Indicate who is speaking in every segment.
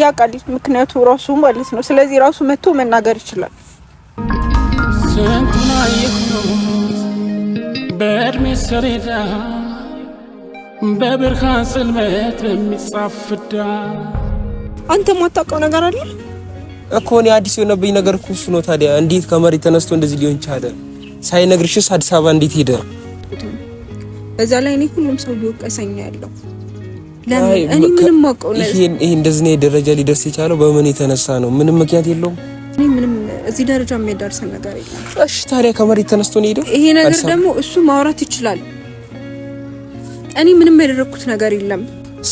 Speaker 1: ያውቃል፣ ምክንያቱ ራሱ ማለት ነው። ስለዚህ ራሱ መጥቶ መናገር ይችላል። በእድሜ ሰሌዳ በብርሃን ጽልመት አንተ የማታውቀው ነገር አለ
Speaker 2: እኮ እኔ አዲስ የሆነብኝ ነገር እኮ እሱ ነው። ታዲያ እንዴት ከመሬት ተነስቶ እንደዚህ ሊሆን ቻለ? ሳይነግርሽስ አዲስ አበባ እንዴት ሄደ?
Speaker 1: በዛ ላይ እኔ ሁሉም ሰው ሊወቀሰኝ ያለው ይሄ
Speaker 2: እንደዚህ ደረጃ ሊደርስ የቻለው በምን የተነሳ ነው? ምንም ምክንያት የለውም።
Speaker 1: እዚህ ደረጃ የሚያደርስ ነገር የለም።
Speaker 2: እሺ ታዲያ ከመሬት ተነስቶ ነው ሄደው?
Speaker 1: ይሄ ነገር ደግሞ እሱ ማውራት ይችላል። እኔ ምንም ያደረኩት ነገር የለም።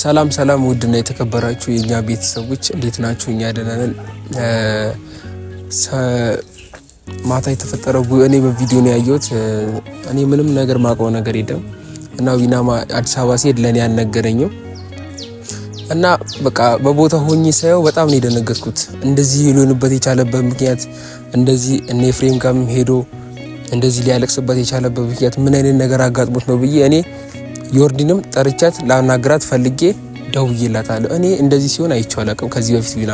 Speaker 2: ሰላም ሰላም፣ ውድና የተከበራችሁ የእኛ ቤተሰቦች እንዴት ናችሁ? እኛ ደህና ነን። ማታ የተፈጠረው እኔ በቪዲዮ ነው ያየሁት። እኔ ምንም ነገር ማውቀው ነገር የለም እና ዊናማ አዲስ አበባ ሲሄድ ለእኔ አልነገረኝም። እና በቃ በቦታ ሆኜ ሳየው በጣም ነው የደነገጥኩት። እንደዚህ ሊሆንበት የቻለበት ምክንያት እንደዚህ እነ ኤፍሬም ጋርም ሄዶ እንደዚህ ሊያለቅስበት የቻለበት ምክንያት ምን አይነት ነገር አጋጥሞት ነው ብዬ እኔ ዮርዲንም ጠርቻት ላናግራት ፈልጌ ደውዬላታለሁ። እኔ እንደዚህ ሲሆን አይቼው አላውቅም ከዚህ በፊት ቢና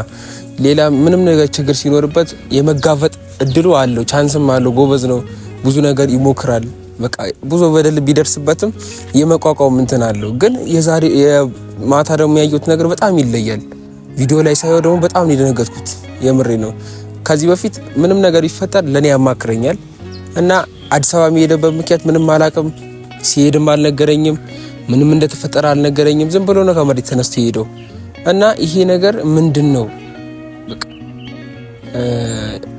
Speaker 2: ሌላ ምንም ነገር ችግር ሲኖርበት የመጋፈጥ እድሉ አለው፣ ቻንስም አለው። ጎበዝ ነው፣ ብዙ ነገር ይሞክራል። በቃ ብዙ በደል ቢደርስበትም የመቋቋም እንትን አለው። ግን የዛሬ የማታ ደግሞ ያየሁት ነገር በጣም ይለያል። ቪዲዮ ላይ ሳየው ደግሞ በጣም ነው የደነገጥኩት። የምሬ ነው። ከዚህ በፊት ምንም ነገር ይፈጠር ለእኔ ያማክረኛል እና አዲስ አበባ የሚሄደበት ምክንያት ምንም አላቅም። ሲሄድም አልነገረኝም። ምንም እንደተፈጠረ አልነገረኝም። ዝም ብሎ ነው ከመሬት ተነስቶ የሄደው እና ይሄ ነገር ምንድን ነው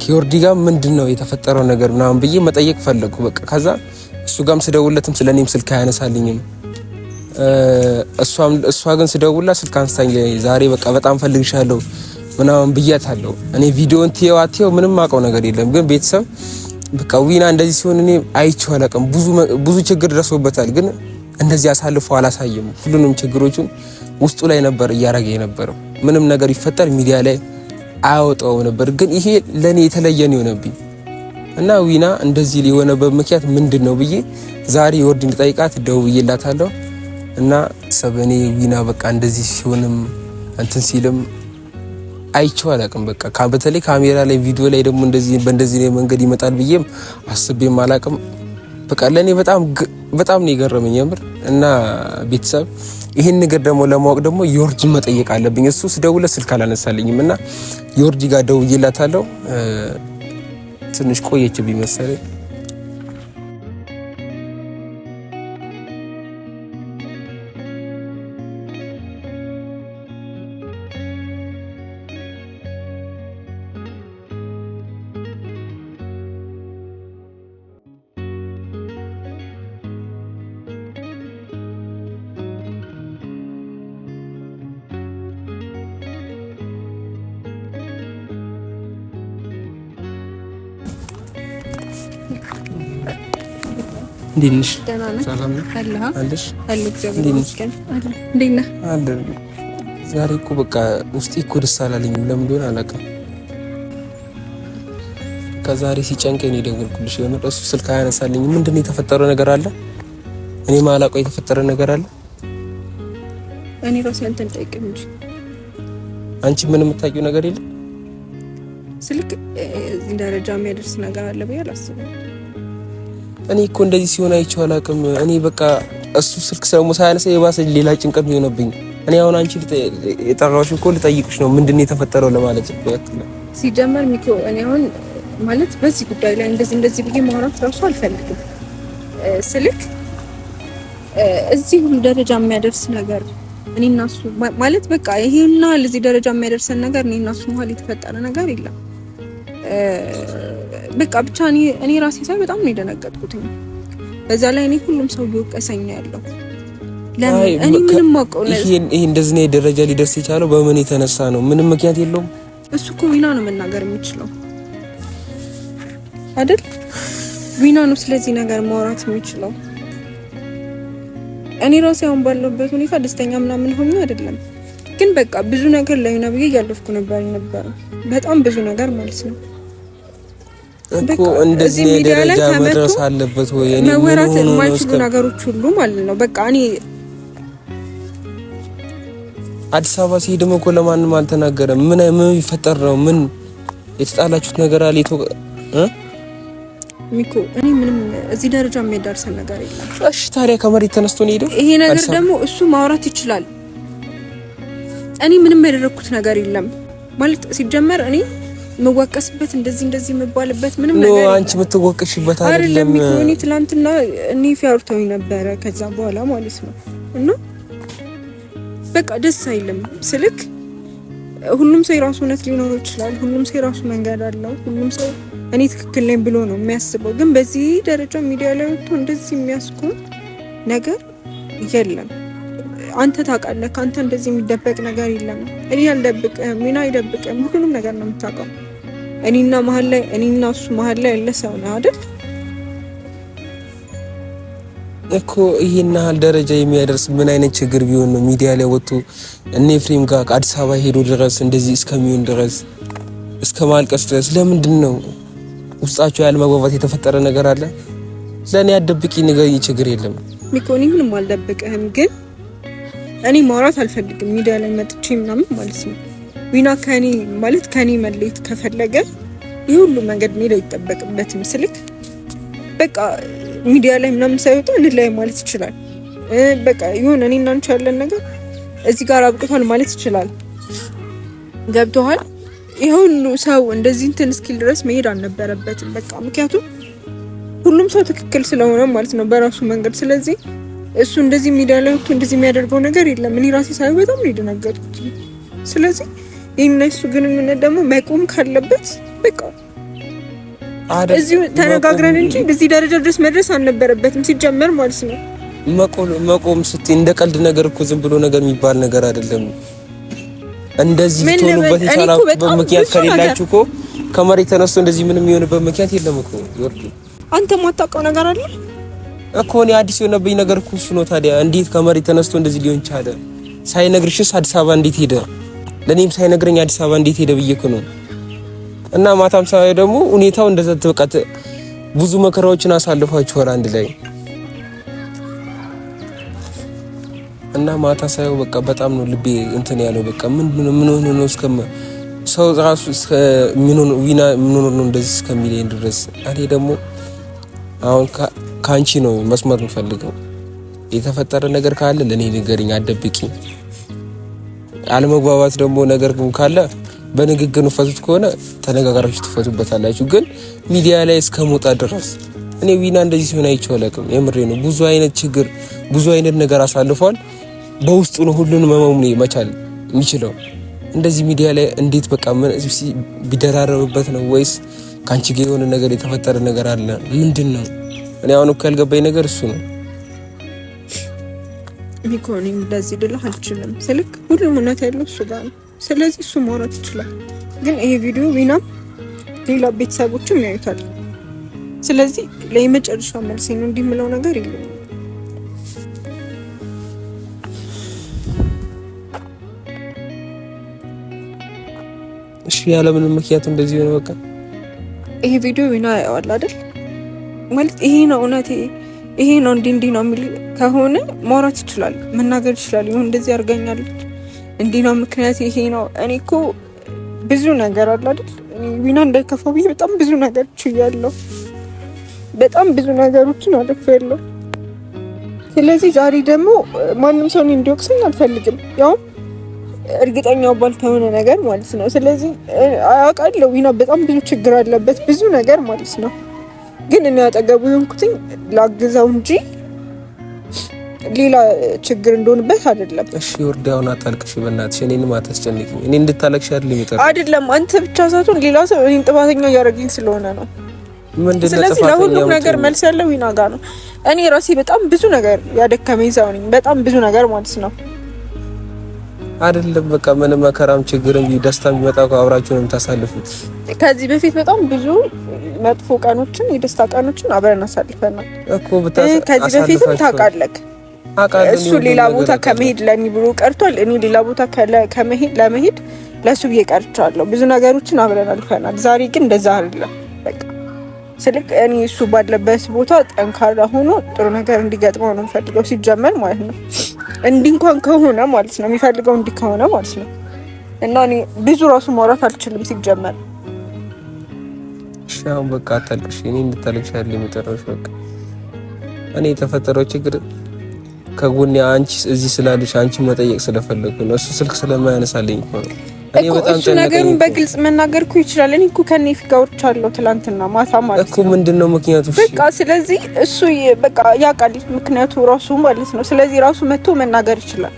Speaker 2: ኪዮርዲ ጋር ምንድን ነው የተፈጠረው ነገር ምናምን ብዬ መጠየቅ ፈለግኩ። በቃ ከዛ እሱ ጋም ስደውለትም ስለ እኔም ስልክ አያነሳልኝም። እሷ ግን ስደውላ ስልክ አንስታኝ ዛሬ በቃ በጣም ፈልግሻለሁ ምናምን ብያታለሁ። እኔ ቪዲዮን ትየው አትየው ምንም አውቀው ነገር የለም ግን ቤተሰብ በቃ ዊና እንደዚህ ሲሆን እኔ አይቼው አላውቅም። ብዙ ችግር ደርሶበታል፣ ግን እንደዚህ አሳልፎ አላሳየም። ሁሉንም ችግሮቹን ውስጡ ላይ ነበር እያረገ የነበረው። ምንም ነገር ይፈጠር ሚዲያ ላይ አያወጣው ነበር፣ ግን ይሄ ለእኔ ነው የሆነብኝ እና ዊና እንደዚህ ሊሆነበት ምክንያት ምንድን ነው ብዬ ዛሬ የወርድን ጠይቃት ደውዬላታለሁ። እና ሰበኔ ዊና በቃ እንደዚህ ሲሆንም እንትን ሲልም አይቼው አላቅም። በቃ በተለይ ካሜራ ላይ ቪዲዮ ላይ ደግሞ እንደዚህ በእንደዚህ ነው መንገድ ይመጣል ብዬም አስቤም አላቅም። በቃ ለእኔ በጣም በጣም ነው የገረመኝ የምር። እና ቤተሰብ ይህን ነገር ደግሞ ለማወቅ ደግሞ ዮርጅ መጠየቅ አለብኝ። እሱ ስደውለ ስልክ አላነሳልኝም እና ዮርጅ ጋር ደውዬላታለሁ። ትንሽ ቆየች ቢመሰለኝ ዛሬ እኮ በቃ ውስጤ እኮ ደስ አላለኝም። ለምን እንደሆነ አላውቅም። ከዛሬ ሲጨንቀኝ ነው የደወልኩልሽ። የምር እሱ ስልክ አያነሳልኝ። ምንድን ነው የተፈጠረ ነገር አለ? እኔ ማላውቀው የተፈጠረ ነገር አለ።
Speaker 1: እኔ ራሴ አንተን ጠይቅም እንጂ
Speaker 2: አንቺ ምን የምታውቂው ነገር የለም።
Speaker 1: ስልክ እዚህ ደረጃ የሚያደርስ ነገር አለ ብዬ አላስብም።
Speaker 2: እኔ እኮ እንደዚህ ሲሆን አይቼው አላውቅም። እኔ በቃ እሱ ስልክ ሰሙ ሳያነሳ የባሰ ሌላ ጭንቀት የሆነብኝ እኔ አሁን አንቺ የጠራሁሽ እኮ ልጠይቅሽ ነው ምንድን ነው የተፈጠረው ለማለት ያክል።
Speaker 1: ሲጀመር ሚኮ እኔ አሁን ማለት በዚህ ጉዳይ ላይ እንደዚህ እንደዚህ ብዬ ማውራት ራሱ አልፈልግም። ስልክ እዚሁም ደረጃ የሚያደርስ ነገር እኔ እና እሱ ማለት በቃ ይሄና እዚህ ደረጃ የሚያደርሰን ነገር እኔ እና እሱ መሀል የተፈጠረ ነገር የለም። በቃ ብቻ እኔ ራሴ ሳይ በጣም ነው የደነገጥኩት። በዛ ላይ እኔ ሁሉም ሰው እየወቀሰኝ ያለው ለምን እኔ ምንም
Speaker 2: ይሄ እንደዚህ ነው ደረጃ ሊደርስ የቻለው በምን የተነሳ ነው? ምንም ምክንያት የለውም።
Speaker 1: እሱ እኮ ዊና ነው መናገር የሚችለው አይደል? ዊና ነው ስለዚህ ነገር ማውራት የሚችለው። እኔ ራሴ አሁን ባለበት ሁኔታ ደስተኛ ምናምን ሆኜ አይደለም፣ ግን በቃ ብዙ ነገር ላይ ነው ብዬ እያለፍኩ ነበር ነበር በጣም ብዙ ነገር ማለት ነው
Speaker 2: እኮ እንደዚህ ደረጃ መድረስ አለበት ወይ?
Speaker 1: እኔ መወራት የማይችሉ ነገሮች ሁሉ ማለት ነው። በቃ እኔ
Speaker 2: አዲስ አበባ ሲሄድም እኮ ለማንም አልተናገረም። ምን ምን ይፈጠር ነው? ምን የተጣላችሁት ነገር አለ? ይቶ
Speaker 1: ሚኮ እኔ ምንም እዚህ ደረጃ የሚያደርሰን ነገር የለም።
Speaker 2: እሺ ታዲያ ከመሬት ተነስቶ ነው ሄደው?
Speaker 1: ይሄ ነገር ደግሞ እሱ ማውራት ይችላል። እኔ ምንም ያደረኩት ነገር የለም ማለት ሲጀመር እኔ የምወቀስበት እንደዚህ እንደዚህ የምባልበት ምንም
Speaker 2: ነገር ነው። አንቺ የምትወቀሽበት
Speaker 1: አይደለም። እኔ ትላንትና እኔ ፊያርቶኝ ነበረ ከዛ በኋላ ማለት ነው። እና በቃ ደስ አይልም ስልክ ሁሉም ሰው የራሱ እውነት ሊኖረው ይችላል። ሁሉም ሰው የራሱ መንገድ አለው። ሁሉም ሰው እኔ ትክክል ነኝ ብሎ ነው የሚያስበው። ግን በዚህ ደረጃ ሚዲያ ላይ ወጥቶ እንደዚህ የሚያስቆም ነገር የለም። አንተ ታውቃለህ፣ ከአንተ እንደዚህ የሚደበቅ ነገር የለም። እኔ አልደብቅም፣ ሚና አይደብቅም። ሁሉንም ነገር ነው የምታውቀው። እኔና መሀል ላይ እኔና እሱ መሀል ላይ ያለ ሰው ነው አይደል
Speaker 2: እኮ ይህን ያህል ደረጃ የሚያደርስ ምን አይነት ችግር ቢሆን ነው ሚዲያ ላይ ወጥቶ እነ ኤፍሬም ጋር አዲስ አበባ ሄዶ ድረስ እንደዚህ እስከሚሆን ድረስ እስከ ማልቀስ ድረስ ለምንድን ነው ውስጣቸው ያለ መግባባት የተፈጠረ ነገር አለ ለእኔ አደብቂ ነገር ችግር የለም
Speaker 1: እኮ እኔ ምንም አልደብቅህም ግን እኔ ማውራት አልፈልግም ሚዲያ ላይ መጥቼ ምናምን ማለት ነው ዊና ከኔ ማለት ከኔ መለየት ከፈለገ ይህ ሁሉ መንገድ ሜዳ ይጠበቅበትም ስልክ በቃ ሚዲያ ላይ ምናምን ሳይወጣ ላይ ማለት ይችላል። በቃ ይሁን እኔ እና ያለን ነገር እዚህ ጋር አብቅቷል ማለት ይችላል። ገብቶሃል? ይህ ሁሉ ሰው እንደዚህ እንትን እስኪል ድረስ መሄድ አልነበረበትም። በቃ ምክንያቱም ሁሉም ሰው ትክክል ስለሆነ ማለት ነው በራሱ መንገድ። ስለዚህ እሱ እንደዚህ ሚዲያ ላይ ወጥቶ እንደዚህ የሚያደርገው ነገር የለም። እኔ ራሴ ሳይ በጣም ነው የደነገጥኩት። ስለዚህ የእነሱ ግንኙነት ደግሞ መቆም ካለበት በቃ እዚሁ ተነጋግረን እንጂ እዚህ ደረጃ ድረስ መድረስ አልነበረበትም ሲጀመር ማለት ነው።
Speaker 2: መቆም ስትይ እንደ ቀልድ ነገር እኮ ዝም ብሎ ነገር የሚባል ነገር አይደለም። እንደዚህ
Speaker 1: ትሆኑበት ይቻላል።
Speaker 2: በምክንያት ከሌላችሁ እኮ ከመሬት ተነስቶ እንደዚህ ምንም የሚሆንበት ምክንያት የለም እኮ ይወርዱ።
Speaker 1: አንተ የማታውቀው ነገር አለ
Speaker 2: እኮ እኔ አዲስ የሆነብኝ ነገር እኮ እሱ ነው። ታዲያ እንዴት ከመሬት ተነስቶ እንደዚህ ሊሆን ቻለ? ሳይነግርሽስ አዲስ አበባ እንዴት ሄደ? ለኔም ሳይነግረኝ አዲስ አበባ እንዴት ሄደ ብዬ ነው እና ማታም ሳይ ደግሞ ሁኔታው እንደዛ ተበቃተ። ብዙ መከራዎችን አሳልፋችኋል አንድ ላይ እና ማታ ሳይ በቃ በጣም ነው ልቤ እንትን ያለው። በቃ ምን ምን ሆኖ ነው እስከ ሰው ራሱ እስከ ምን ሆኖ ዊና ምን ሆኖ ነው እንደዚህ እስከሚለኝ ድረስ እኔ ደግሞ አሁን ከአንቺ ነው መስመር የምፈልገው። የተፈጠረ ነገር ካለ ለእኔ ንገሪኝ፣ አትደብቂኝ። አለመግባባት ደግሞ ነገር ግን ካለ በንግግር ንፈቱት ከሆነ ተነጋጋሪዎች ትፈቱበታላችሁ። ግን ሚዲያ ላይ እስከ መውጣት ድረስ እኔ ዊና እንደዚህ ሲሆን አይቼው አላውቅም። የምሬ ነው። ብዙ አይነት ችግር ብዙ አይነት ነገር አሳልፏል። በውስጡ ነው ሁሉንም መመሙኔ መቻል የሚችለው። እንደዚህ ሚዲያ ላይ እንዴት በቃ ቢደራረብበት ነው ወይስ ከአንቺ ጋር የሆነ ነገር የተፈጠረ ነገር አለ? ምንድን ነው? እኔ አሁን እኮ ያልገባኝ ነገር እሱ ነው።
Speaker 1: ኒኮኒ እንደዚህ ልልህ አልችልም ስልክ ሁሉም እውነት ያለው እሱ ጋር ነው። ስለዚህ እሱ ማውራት ይችላል። ግን ይሄ ቪዲዮ ዊናም ሌላ ቤተሰቦችም ያዩታል። ስለዚህ ለየመጨረሻ መልስ ነው እንዲህ የምለው ነገር የለም።
Speaker 2: እሺ ያለምንም ምክንያት እንደዚህ ሆነ። በቃ
Speaker 1: ይሄ ቪዲዮ ዊና ያየዋል አይደል? ማለት ይሄ ነው እውነት ይሄ ነው እንዲህ እንዲህ ነው የሚል ከሆነ ማውራት ይችላል፣ መናገር ይችላል። ይሁን እንደዚህ አድርጋኛለች፣ እንዲህ ነው ምክንያት፣ ይሄ ነው እኔ እኮ ብዙ ነገር አለ አይደል ዊና እንዳይከፋው ብዬ በጣም ብዙ ነገር ችያለሁ። በጣም ብዙ ነገሮችን አልፌያለሁ። ስለዚህ ዛሬ ደግሞ ማንም ሰው እንዲወቅሰኝ አልፈልግም። ያው እርግጠኛው ባልተሆነ ነገር ማለት ነው። ስለዚህ አውቃለሁ ዊና በጣም ብዙ ችግር አለበት ብዙ ነገር ማለት ነው። ግን እኔ አጠገቡ የሆንኩትኝ ላግዘው እንጂ ሌላ ችግር እንደሆንበት አይደለም።
Speaker 2: እሺ ወርዳ አሁን አታልቅሽ በእናትሽ፣ እኔንም አታስጨንቂኝ። እኔ እንድታለቅሽ አይደለም ይጠራ
Speaker 1: አይደለም። አንተ ብቻ ሳትሆን ሌላ ሰው እኔን ጥፋተኛ እያደረግኝ ስለሆነ ነው። ስለዚህ ለሁሉም ነገር መልስ ያለው ይናጋ ነው። እኔ ራሴ በጣም ብዙ ነገር ያደከመኝ ሰው ነኝ። በጣም ብዙ ነገር ማለት ነው።
Speaker 2: አይደለም በቃ ምንም መከራም ችግርም ደስታ ቢመጣ አብራችሁ ነው የምታሳልፉት።
Speaker 1: ከዚህ በፊት በጣም ብዙ መጥፎ ቀኖችን የደስታ ቀኖችን አብረን አሳልፈናል እኮ ከዚህ በፊትም ታውቃለህ። እሱ ሌላ ቦታ ከመሄድ ለእኔ ብሎ ቀርቷል። እኔ ሌላ ቦታ ከመሄድ ለመሄድ ለሱ ብዬ ቀርቻለሁ። ብዙ ነገሮችን አብረን አልፈናል። ዛሬ ግን እንደዛ አይደለም። ስልክ እኔ እሱ ባለበት ቦታ ጠንካራ ሆኖ ጥሩ ነገር እንዲገጥመው ነው የሚፈልገው ሲጀመር ማለት ነው። እንዲህ እንኳን ከሆነ ማለት ነው የሚፈልገው እንዲህ ከሆነ ማለት ነው። እና እኔ ብዙ ራሱ ማውራት አልችልም ሲጀመር።
Speaker 2: ሻው በቃ አታልቅሽ፣ እኔ እንድታልቅሽ ያለ የሚጠራሽ በቃ እኔ የተፈጠረው ችግር ከጎኔ አንቺ እዚህ ስላለሽ አንቺ መጠየቅ ስለፈለጉ ነው። እሱ ስልክ ስለማያነሳልኝ እኮ ነው
Speaker 1: እሱ ነገሩን በግልጽ መናገርኩ ይችላል። እኔ እኮ ከኔ ፊጋዎች አለው ትላንትና ማታ ማለት
Speaker 2: ነው። ምንድነው ምክንያቱ?
Speaker 1: በቃ ስለዚህ እሱ በቃ ያውቃል ምክንያቱ ራሱ ማለት ነው። ስለዚህ ራሱ መጥቶ መናገር ይችላል።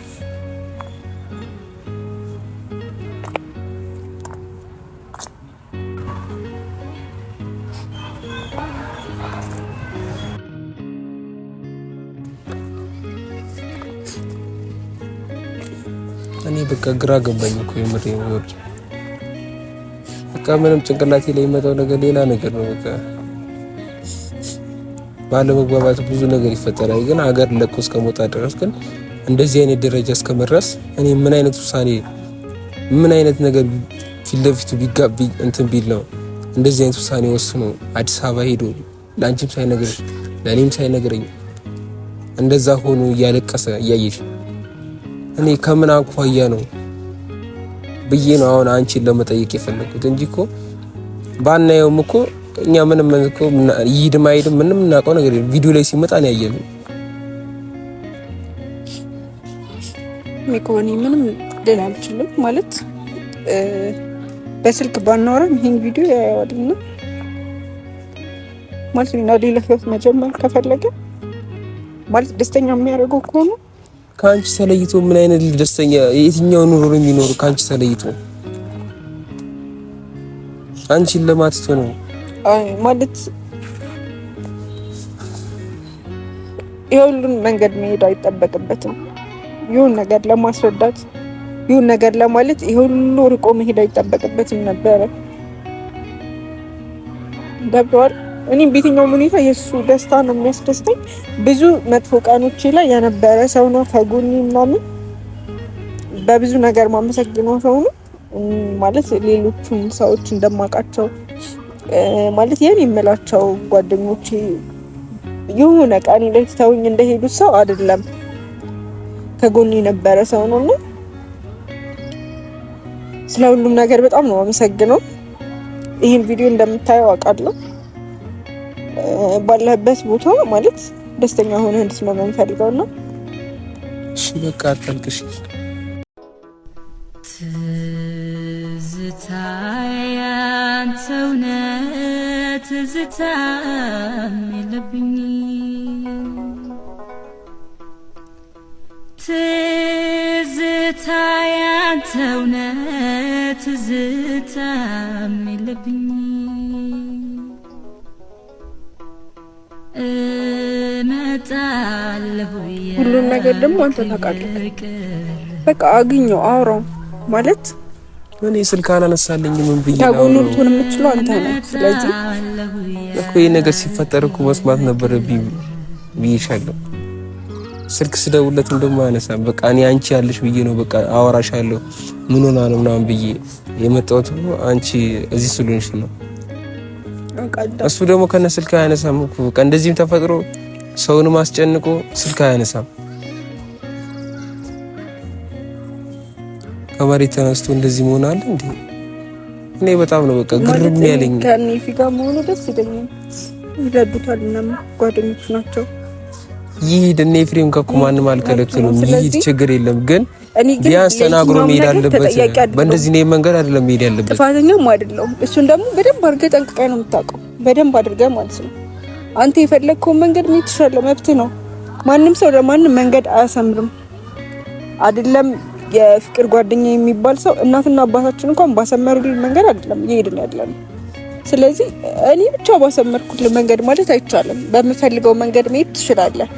Speaker 2: እኔ በቃ ግራ ገባኝ እኮ የምር ወርድ በቃ ምንም ጭንቅላቴ ላይ የመጣው ነገር ሌላ ነገር ነው። በቃ ባለመግባባት ብዙ ነገር ይፈጠራል። ግን ሀገር ለቆ እስከመውጣ ድረስ ግን እንደዚህ አይነት ደረጃ እስከመድረስ እኔ ምን አይነት ውሳኔ ምን አይነት ነገር ፊት ለፊቱ ቢጋብ እንትን ቢል ነው እንደዚህ አይነት ውሳኔ ወስኖ አዲስ አበባ ሄዶ ለአንቺም ሳይነግርሽ ለእኔም ሳይነግረኝ እንደዛ ሆኖ እያለቀሰ እያየሽ እኔ ከምን አኳያ ነው ብዬ ነው አሁን አንቺን ለመጠየቅ የፈለኩት እንጂ እኮ ባናየውም እኮ እኛ ምንም እኮ ይድም አይድም ምንም እናውቀው ነገር የለም። ቪዲዮ ላይ ሲመጣ ነው ያየነው።
Speaker 1: ሚኮኒ ምንም ልል አልችልም ማለት በስልክ ባናወራም ይሄን ቪዲዮ ያያዋልና ማለት ነው። ሌላ ህይወት መጀመር ከፈለገ ማለት ደስተኛ የሚያደርገው ከሆነ
Speaker 2: ከአንቺ ተለይቶ ምን አይነት ደስተኛ የትኛው ኑሮ ነው የሚኖሩ? ከአንቺ ተለይቶ አንቺን ለማትቶ ነው።
Speaker 1: አይ ማለት የሁሉን መንገድ መሄድ አይጠበቅበትም። ይሁን ነገር ለማስረዳት ይሁን ነገር ለማለት የሁሉ ርቆ መሄድ አይጠበቅበትም ነበረ። ገብቶሃል? እኔ በየትኛውም ሁኔታ የእሱ ደስታ ነው የሚያስደስተኝ። ብዙ መጥፎ ቀኖቼ ላይ የነበረ ሰው ነው ከጎኔ ምናምን በብዙ ነገር ማመሰግነው ሰው ነው ማለት ሌሎቹን ሰዎች እንደማውቃቸው ማለት የኔ የምላቸው ጓደኞቼ የሆነ ቀን ላይ እንደሄዱት ሰው አይደለም፣ ከጎን የነበረ ሰው ነው እና ስለ ሁሉም ነገር በጣም ነው አመሰግነው። ይህን ቪዲዮ እንደምታየው አውቃለሁ። ባለህበት ቦታ ማለት ደስተኛ ሆነ እንድትኖር ነው የምፈልገው
Speaker 2: እሺ በቃ አታልቅሽ። ትዝታ ያንተው ትዝታ የለብኝ
Speaker 1: ትዝታ ያንተው ትዝታ የለብኝ ሁሉን ነገር ደግሞ አንተ ታውቃለህ። በቃ አግኘው አውራው ማለት
Speaker 2: እኔ ስልክ አላነሳልኝ
Speaker 1: ምን ብዬ ታጉሉ ልትሆን የምችለው አንተ ነው። ስለዚህ
Speaker 2: እኮ ይሄ ነገር ሲፈጠር እኮ መስማት ነበረብኝ ብዬሻለሁ። ስልክ ስደውልለት እንደማያነሳም በቃ እኔ አንቺ ያለሽ ብዬ ነው በቃ አወራሻለሁ ምን ሆና ነው ምናምን ብዬ የመጣሁት አንቺ እዚህ ስለሆንሽ ነው። እሱ ደግሞ ከነ ስልክ አያነሳም እኮ በቃ እንደዚህም ተፈጥሮ ሰውን ማስጨንቆ ስልክ አያነሳም። ከመሬት ተነስቶ እንደዚህ መሆን አለ እንዴ? እኔ በጣም ነው በቃ ግርም ያለኝ።
Speaker 1: ከኔ ፊጋ መሆኑ ደስ ይለኛል። ይረዱታል እና ጓደኞቹ ናቸው።
Speaker 2: ይሄድ እኔ ኤፍሬም ከእኮ ማንም አልከለከሉም። ይሄድ ችግር የለም ግን ቢያንስ ተናግሮ መሄድ አለበት። በእንደዚህ ነው መንገድ አይደለም መሄድ ያለበት።
Speaker 1: ጥፋተኛም አይደለም እሱን ደግሞ በደንብ አድርገህ ጠንቅቀህ ነው የምታውቀው፣ በደንብ አድርገህ ማለት ነው። አንተ የፈለግከውን መንገድ መሄድ ትችላለህ፣ መብት ነው። ማንም ሰው ለማንም መንገድ አያሰምርም። አይደለም የፍቅር ጓደኛ የሚባል ሰው እናትና አባታችን እንኳን ባሰመሩልን መንገድ አይደለም እየሄድን ያለ ነው። ስለዚህ እኔ ብቻ ባሰመርኩልን መንገድ ማለት አይቻልም። በምፈልገው መንገድ መሄድ ትችላለህ፣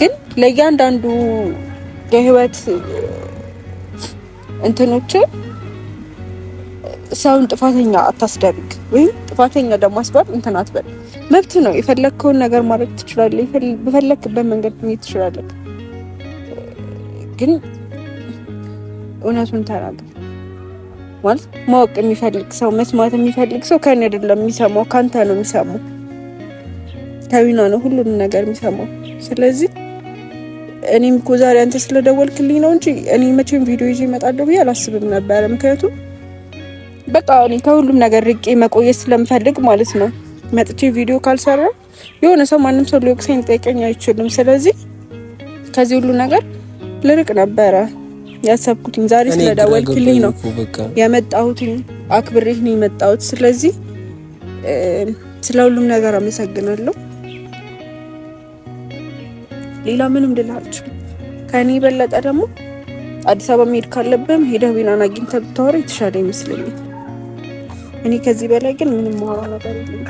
Speaker 1: ግን ለእያንዳንዱ የህይወት እንትኖችን ሰውን ጥፋተኛ አታስደርግ፣ ወይም ጥፋተኛ ደግሞ አስባብ እንትን አትበል። መብት ነው። የፈለግከውን ነገር ማድረግ ትችላለህ። በፈለግክበት መንገድ መሄድ ትችላለህ። ግን እውነቱን ተናገር ማለት ማወቅ የሚፈልግ ሰው መስማት የሚፈልግ ሰው ከእኔ አይደለም የሚሰማው፣ ከአንተ ነው የሚሰማው። ከዊና ነው ሁሉንም ነገር የሚሰማው። ስለዚህ እኔም እኮ ዛሬ አንተ ስለደወልክልኝ ነው እንጂ እኔ መቼም ቪዲዮ ይዤ እመጣለሁ ብዬ አላስብም ነበረ ምክንያቱም በቃ እኔ ከሁሉም ነገር ርቄ መቆየት ስለምፈልግ ማለት ነው። መጥቼ ቪዲዮ ካልሰራ የሆነ ሰው ማንም ሰው ሊወቅሰኝ ሊጠይቀኝ አይችልም። ስለዚህ ከዚህ ሁሉ ነገር ልርቅ ነበረ ያሰብኩትኝ። ዛሬ ስለደወልክልኝ ነው የመጣሁትኝ። አክብሬህ ነው የመጣሁት። ስለዚህ ስለ ሁሉም ነገር አመሰግናለሁ። ሌላ ምንም ልላችሁ ከእኔ የበለጠ ደግሞ አዲስ አበባ መሄድ ካለብህም ሄደህ ቢናን አግኝተህ ብታወራ የተሻለ ይመስለኛል። እኔ ከዚህ በላይ ግን ምንም ማውራ ነገር የለም።